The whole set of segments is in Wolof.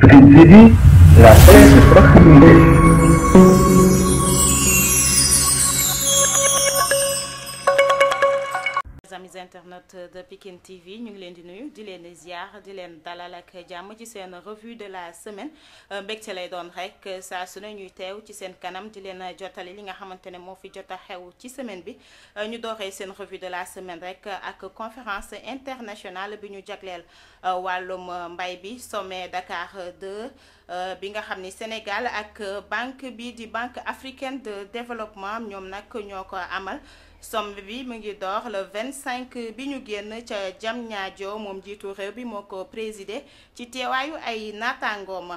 privilégie la paix de proximité. internautes de Pikine TV ñu ngi leen di nuyu di leen di ziar di leen dalal ak jàmm ci seen revue de la semaine euh, mbégte lay doon rek saa su ne ñuy teew ci seen kanam di leen jottali li nga xamante ne moo fi jot a xew ci semaine bi euh, ñu dooree seen revue de la semaine rek ak conférence internationale bi ñu jagleel euh, wàllum mbay bi sommet Dakar 2 bi nga xam ni Sénégal ak banque bi di banque africaine de développement ñoom nag ñoo ko amal. somb bi mu ngi door le 25 bi ñu génn ca jam ñaajo moom jiitu réew bi moo ko présidé ci teewaayu ay naataangoom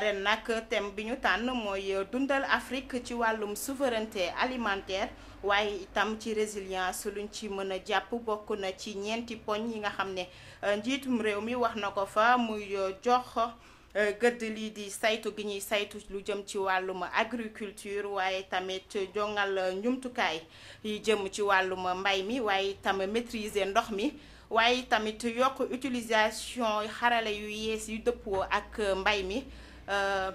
ren nag thème bi ñu tànn mooy dundal Afrique ci wàllum souveraineté alimentaire waaye itam ci résilience luñ ci mën a jàpp bokk na ci ñeenti poñ yi nga xam ne njiitum réew mi wax na ko fa muy jox. Euh, gëdd lii di saytu gi ñuy saytu lu jëm ci wàllum agriculture waaye tamit jongal euh, njumtukaay yi jëm ci wàllum mbay mi waaye itam maîtriser ndox mi waaye tamit yokk utilisation xarala yu yees yu dëppoo ak mbay mi euh,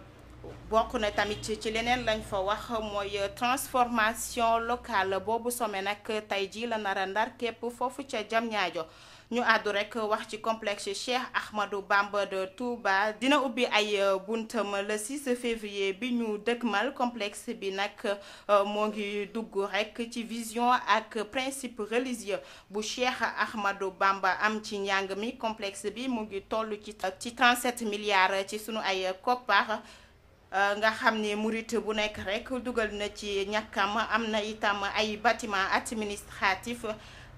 bokk na tamit ci leneen lañ fa wax mooy transformation locale boobu sommet nag tey jii la nara ndar kepp foofu ca jam Nous avons rek wax complexe Cheikh Ahmadou Bamba de Touba euh, le 6 février bi ñu complexe bi euh, ngi dugg rek ci vision ak principe religieux bu Ahmadou Bamba am ci complexe bi ngi 37 milliards ci sunu ay euh, nga bu nek rek na ci bâtiment administratif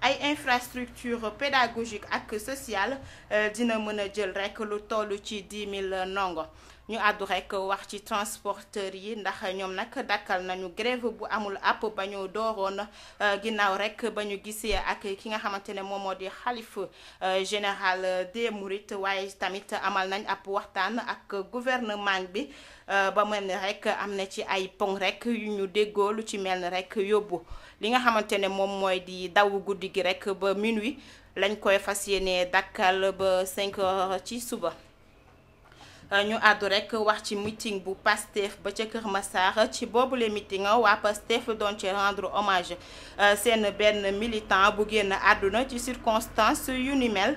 ay infrastructure pédagogique ak sociale euh, dina mën a jël rek lu toll ci 10 000 ndongo ñu àddu rek wax ci transporteur yi ndax ñoom nag dakkal nañu grève bu amul app ba ñu dooroon euh, ginnaaw rek ba ñu gisee ak ki nga xamante ne moom moo di xalif euh, général des Mourides waaye tamit amal nañ ab waxtaan ak gouvernement bi euh, ba mel ni rek am na ci ay pong rek yu ñu déggoo lu ci mel ni rek yóbbu li nga xamante ne moom mooy di daw guddi gi rek ba minuit lañ koy fas yéene dakkal ba 5 heures ci suba. ñu àddu rek wax ci meeting bu Pastef ba ca Kër Massar ci boobu boobule meeting waa Pastef doon ci rendre hommage euh, seen benn militant bu génn àdduna ci circonstance yu ni mel.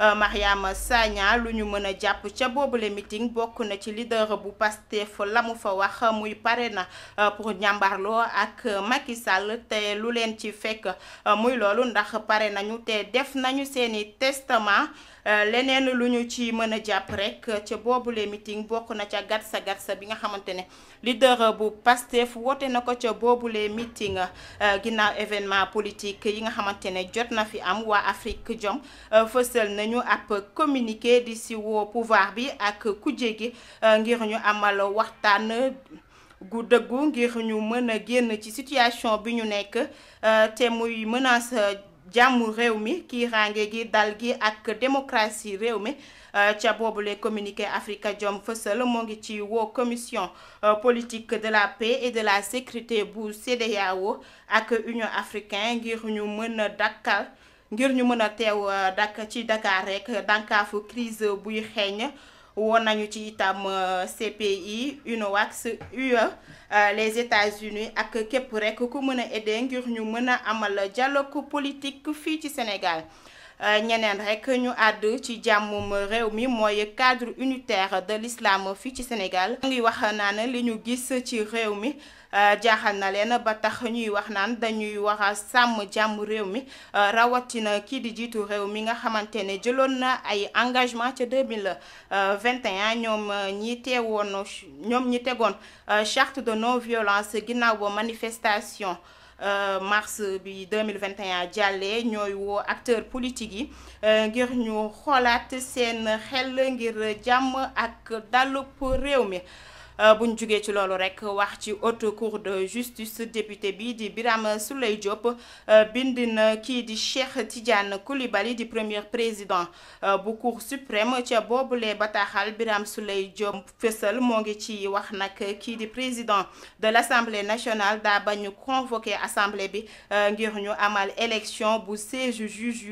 Euh, Mariama Sagna lu ñu mën a jàpp ca boobule meeting bokk na ci leader bu Pastef la mu fa wax muy pare na euh, pour njàmbaarloo ak euh, Macky Sall te lu leen ci fekk muy loolu ndax pare nañu te def nañu seeni testament leneen lu ñu ci mën a jàpp rek ca boobule meeting bokk na ca gatsa gatsa bi nga xamante ne leader bu fu woote na ko ca boobule meeting ginnaaw événement politique yi nga xamante ne jot na fi am waa Afrique Jom fësal ñu avons communiqué di si pouvoir bi ak euh, ngir ñu amal waxtaan gu deggu ngir ñu situation bi ñu nekk euh, menace réew démocratie euh, ngi ci commission politique de la paix et de la sécurité bu ak Union africaine ngir ñu ngir ñu mën a teew euh, dak ci Dakar rek dànkaafu crise buy xeeñ woon nañu ci itam euh, CPI UNOWACS UE euh, les États-Unis ak képp rek ku mën a aider ngir ñu mën a amal dialogue politique fii ci Sénégal Euh, ñeneen rek ñu àdd ci jàmmum réew mi mooy cadre unitaire de l'islam fii ci Sénégal ngi wax naan li ñu gis ci réew mi euh, jaaxal na leen ba tax ñuy wax naan dañuy war a sàmm jàmm réew mi euh, rawatina kii di jiitu réew mi nga xamante ne jëloon na ay engagement ca 2021 ñoom ñi teewoon ñoom ñi tegoon charte de non violence ginnaaw manifestation Euh, mars bi 2021 jàllee ñooy woo acteurs politiques yi euh, ngir ñu xoolaat seen xel ngir jàmm ak dalub réew mi Euh, bu ñu wachi ci loolu rek wax ci haute cour de justice député bi di Biram Souleye Diop euh, bind ki di Cheikh Tidiane premier président euh, bu cour suprême bobu les bataxal Biram biram Diop fessel mo ngi ci wax président de l'assemblée nationale da bañu convoqué assemblée bi ngir amal élection bu juge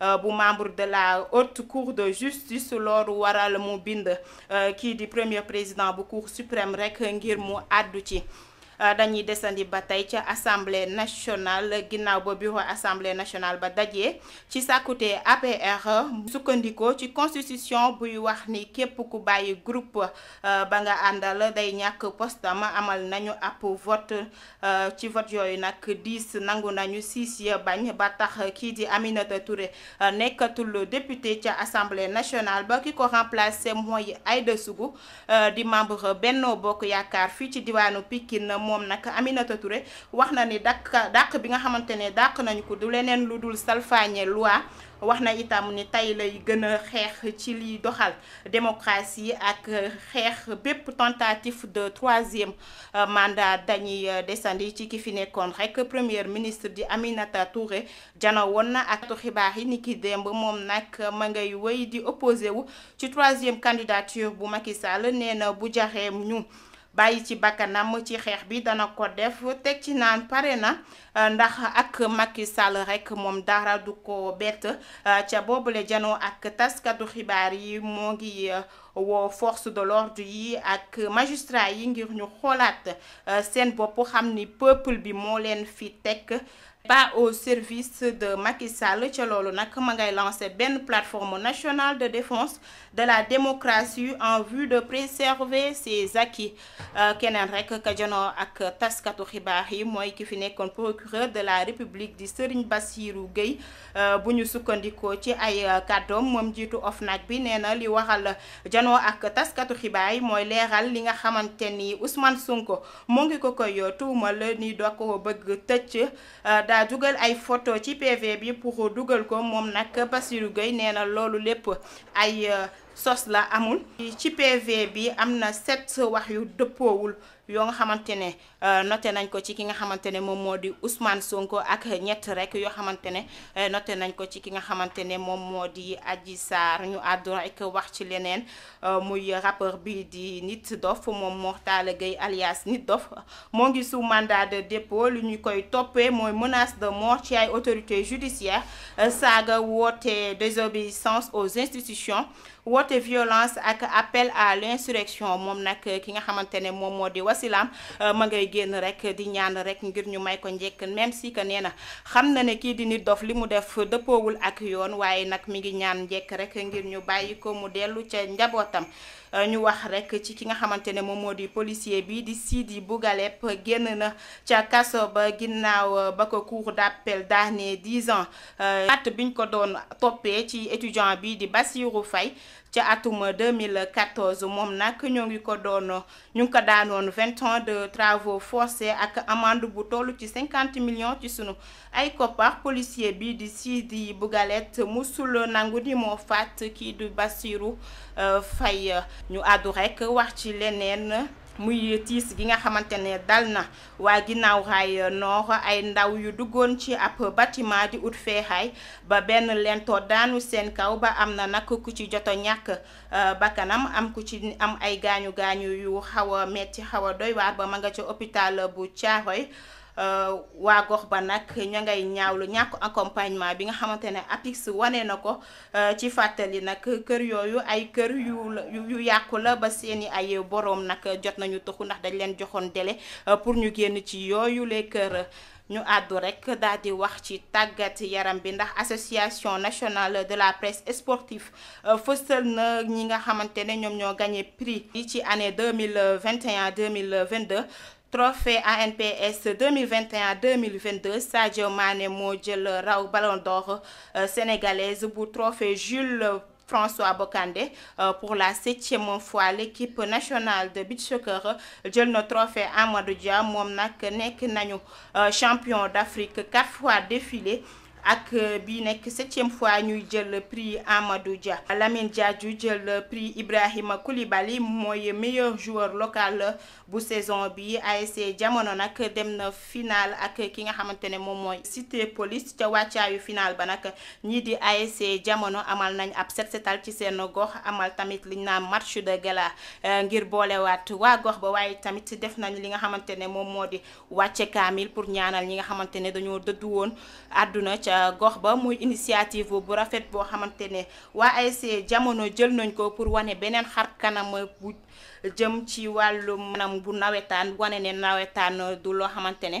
membre de la haute cour de justice lor waral mu bind ki di premier président cour suprême rekk ngir mu àddu ci Euh, dañuy desandi ba tey ca assemblée nationale ginnaaw ba bureau assemblée nationale ba dajee ci sàkkute APR sukkandikoo ci constitution buy wax ni képp ku bàyyi groupe euh, ba nga àndal day ñàkk postam amal nañu ab vote euh, ci vote yooyu nag 10 nangu nañu 6 ya bañ ba tax kii di Aminata Touré nekkatul député ca assemblée nationale ba ki ko remplacé mooy Aïda di membre Benno Bokk Yaakaar fii ci diwaanu Pikine mom nak Aminata Touré waxna ni dak dak bi nga xamantene dak nañ ko du leneen ludul salfañe loi waxna itam ni tay lay gën xex ci li doxal démocratie ak xex bépp tentative de troisième euh, mandat dañuy euh, descendi ci ki fi nekkoon rek premier ministre di Aminata Touré jana wonna ak to yi ni ki demb mom nak ma ngay di opposé wu ci troisième candidature bu Macky Sall nee bu jaxé ñu bàyyi ci bakkanam ci xeex bi dana ko def teg ci naan pare na euh, ndax ak Macky Sall rek moom dara du ko bett euh, ca boobule janoo ak taskatu xibaar yi moo ngi. Euh, aux force de l'ordre yi ak magistrat yi ngir ñu xolaat euh, seen bop xamni ni peuple bi mo len fi pas au service de Macky Sall ci lolu nak ma ngay lancé ben plateforme nationale de défense de la démocratie en vue de préserver ses acquis euh, kenen rek ka ak taskatu xibaar yi mooy ki fi procureur de la république di Serigne Bassirou Gueye euh, buñu sukkandiko ci ay kàddoom moom of OFNAC bi neena li janoo ak taskatu xibaar yi mooy leeral li nga xamante ni Ousmane Sonko mu ngi ko koy tuumal ni doo ko bëgg tëcc euh, daa dugal ay photo ci PV bi pour dugal ko moom nag Bassirou Gueye nee na loolu lépp ay euh, sos la amul. ci PV bi am na sept wax yu dëppoowul. yoo Hamantene xamante ne noté nañ ko ci ki nga Ousmane Sonko ak ñett rek Hamantene. xamante ne noté nañ ko ci ki nga xamante euh, di Adji Sarr ñu wax ci euh, muy rappeur bi di Nit Dof moom alias Nit Dof mon ngi mandat de dépôt lu ñu koy toppee mooy menace de mort ci ay autorités judiciaires euh, désobéissance aux institutions wote violence ak appel à l'insurrection Mon nak ki nga mon silaam euh, ma ngay génn rek di ñaan rek ngir ñu may ko njëkk même si que nee na xam na ne kii di dof li mu def dëppoowul ak yoon waaye nag mi ngi ñaan njëkk rek ngir ñu bàyyi ko mu dellu ca njabootam euh, ñu wax rek ci ki nga xamante ne moom moo di policier bi di Sidi Bougalep génn na ca kaso ba ginnaaw euh, ba ko cour d'appel daane 10 ans at biñ ko doon toppee ci étudiant bi di Bassirou Faye ci atuma 2014 mom nak ñu ngi ko doono ñu ko daanon 20 ans de travaux forcés ak amende bu tollu ci 50 millions ci sunu ay koppar policier bi di Sidi Bougalette musul nangu ni moo faat ki du euh, fay ñu àddu rek wax ci leneen. muy tiis gi nga xamante ne dal na waa ginnaaw raay euh, noor ay ndaw yu duggoon ci ab batiment di ut feexaay ba benn lento daanu seen kaw ba am na nag ku ci joto ñàkk euh, bakkanam am ku ci am ay gaañu gaañu yu xaw a metti xaw a doy waar ba ma nga ca hôpital bu Thiaroye Euh, waa gox ba nag ña ngay ñaawlu ñàkk accompagnement bi nga xamante ne APIX wane na ko euh, ci fàttali nag kër yooyu ay kër yu yu yàqu la ba seeni ay boroom nag jot nañu tuxu ndax dañ leen joxoon délai euh, pour ñu génn ci yooyu les kër. ñu àddu rek daal di wax ci tàggat yaram bi ndax association nationale de la presse sportive fësal na ñi nga xamante ne ñoom ñoo gagné prix yi ci année 2021 2022 trophée ANPS 2021-2022 Sadio Mané Modjel Rao ballon d'or euh, sénégalaise pour trophée Jules François Bocandé euh, pour la septième fois l'équipe nationale de beach soccer trophée Amadou Dia qui est euh, champion d'Afrique quatre fois défilé ak nek 7 septième fois ñuy jël prix Amadou Dia Lamine Diadou jël prix Ibrahima Koulibaly moy meilleur joueur local bu saison bi ASC jamono nak dem na final ak ki nga xamantene mom moy Cité Police ci wàccaayu finale. ba nak ñi di ASC jamono amal nañ ab set setal ci seen gox amal tamit liñ naan marche de gala eh, ngir wat wa gox ba waye tamit def nañ li nga xamantene mom modi moo Kamil pour ñaanal ñi nga xamantene dañoo dëddu won aduna Euh, gox ba muy initiative bu rafet boo xamante ne waa ASC jamono jël nañ ko pour wane beneen xar kanam bu jëm ci wàllu maanaam bu nawetaan wane ne nawetaan du loo xamante ne